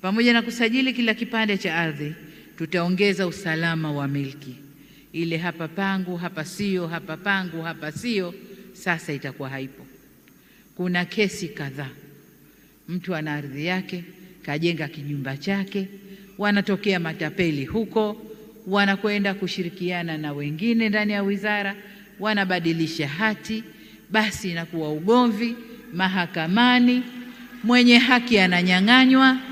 Pamoja na kusajili kila kipande cha ardhi, tutaongeza usalama wa milki. Ile hapa pangu, hapa sio, hapa pangu, hapa sio, sasa itakuwa haipo. Kuna kesi kadhaa, mtu ana ardhi yake kajenga kinyumba chake, wanatokea matapeli huko, wanakwenda kushirikiana na wengine ndani ya wizara, wanabadilisha hati, basi inakuwa ugomvi mahakamani, mwenye haki ananyang'anywa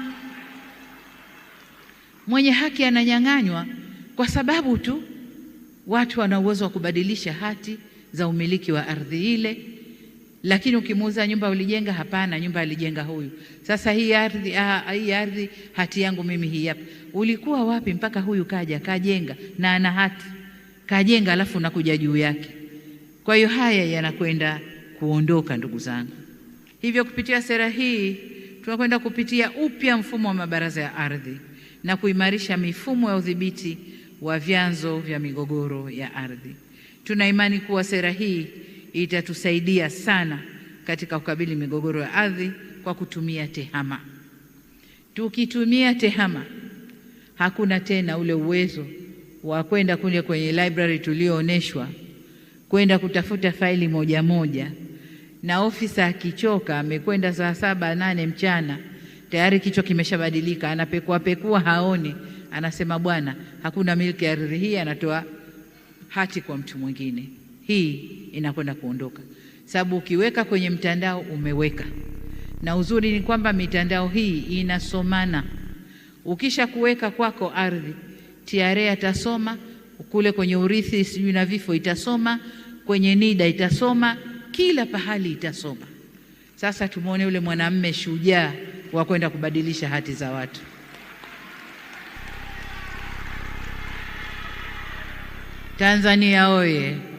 mwenye haki ananyang'anywa kwa sababu tu watu wana uwezo wa kubadilisha hati za umiliki wa ardhi ile. Lakini ukimuuza nyumba ulijenga, hapana, nyumba alijenga huyu. Sasa hii ardhi, ah, hii ardhi hati yangu mimi hii hapa. Ulikuwa wapi mpaka huyu kaja kajenga na ana hati kajenga, alafu nakuja juu yake? Kwa hiyo haya yanakwenda kuondoka, ndugu zangu. Hivyo kupitia sera hii tunakwenda kupitia upya mfumo wa mabaraza ya ardhi na kuimarisha mifumo ya udhibiti wa vyanzo vya migogoro ya ardhi. Tuna imani kuwa sera hii itatusaidia sana katika kukabili migogoro ya ardhi kwa kutumia TEHAMA. Tukitumia TEHAMA hakuna tena ule uwezo wa kwenda kule kwenye library tulioonyeshwa kwenda kutafuta faili moja moja, na ofisa akichoka amekwenda saa saba nane mchana tayari kichwa kimeshabadilika, anapekua pekua, haoni. Anasema bwana, hakuna milki ya ardhi hii, anatoa hati kwa mtu mwingine, hii inakwenda kuondoka. Sababu ukiweka kwenye mtandao umeweka, na uzuri ni kwamba mitandao hii inasomana. Ukisha kuweka kwako ardhi, TRA atasoma kule kwenye urithi sijui na vifo itasoma, kwenye NIDA itasoma, kila pahali itasoma. Sasa tumwone yule mwanamme shujaa wa kwenda kubadilisha hati za watu. Tanzania oye!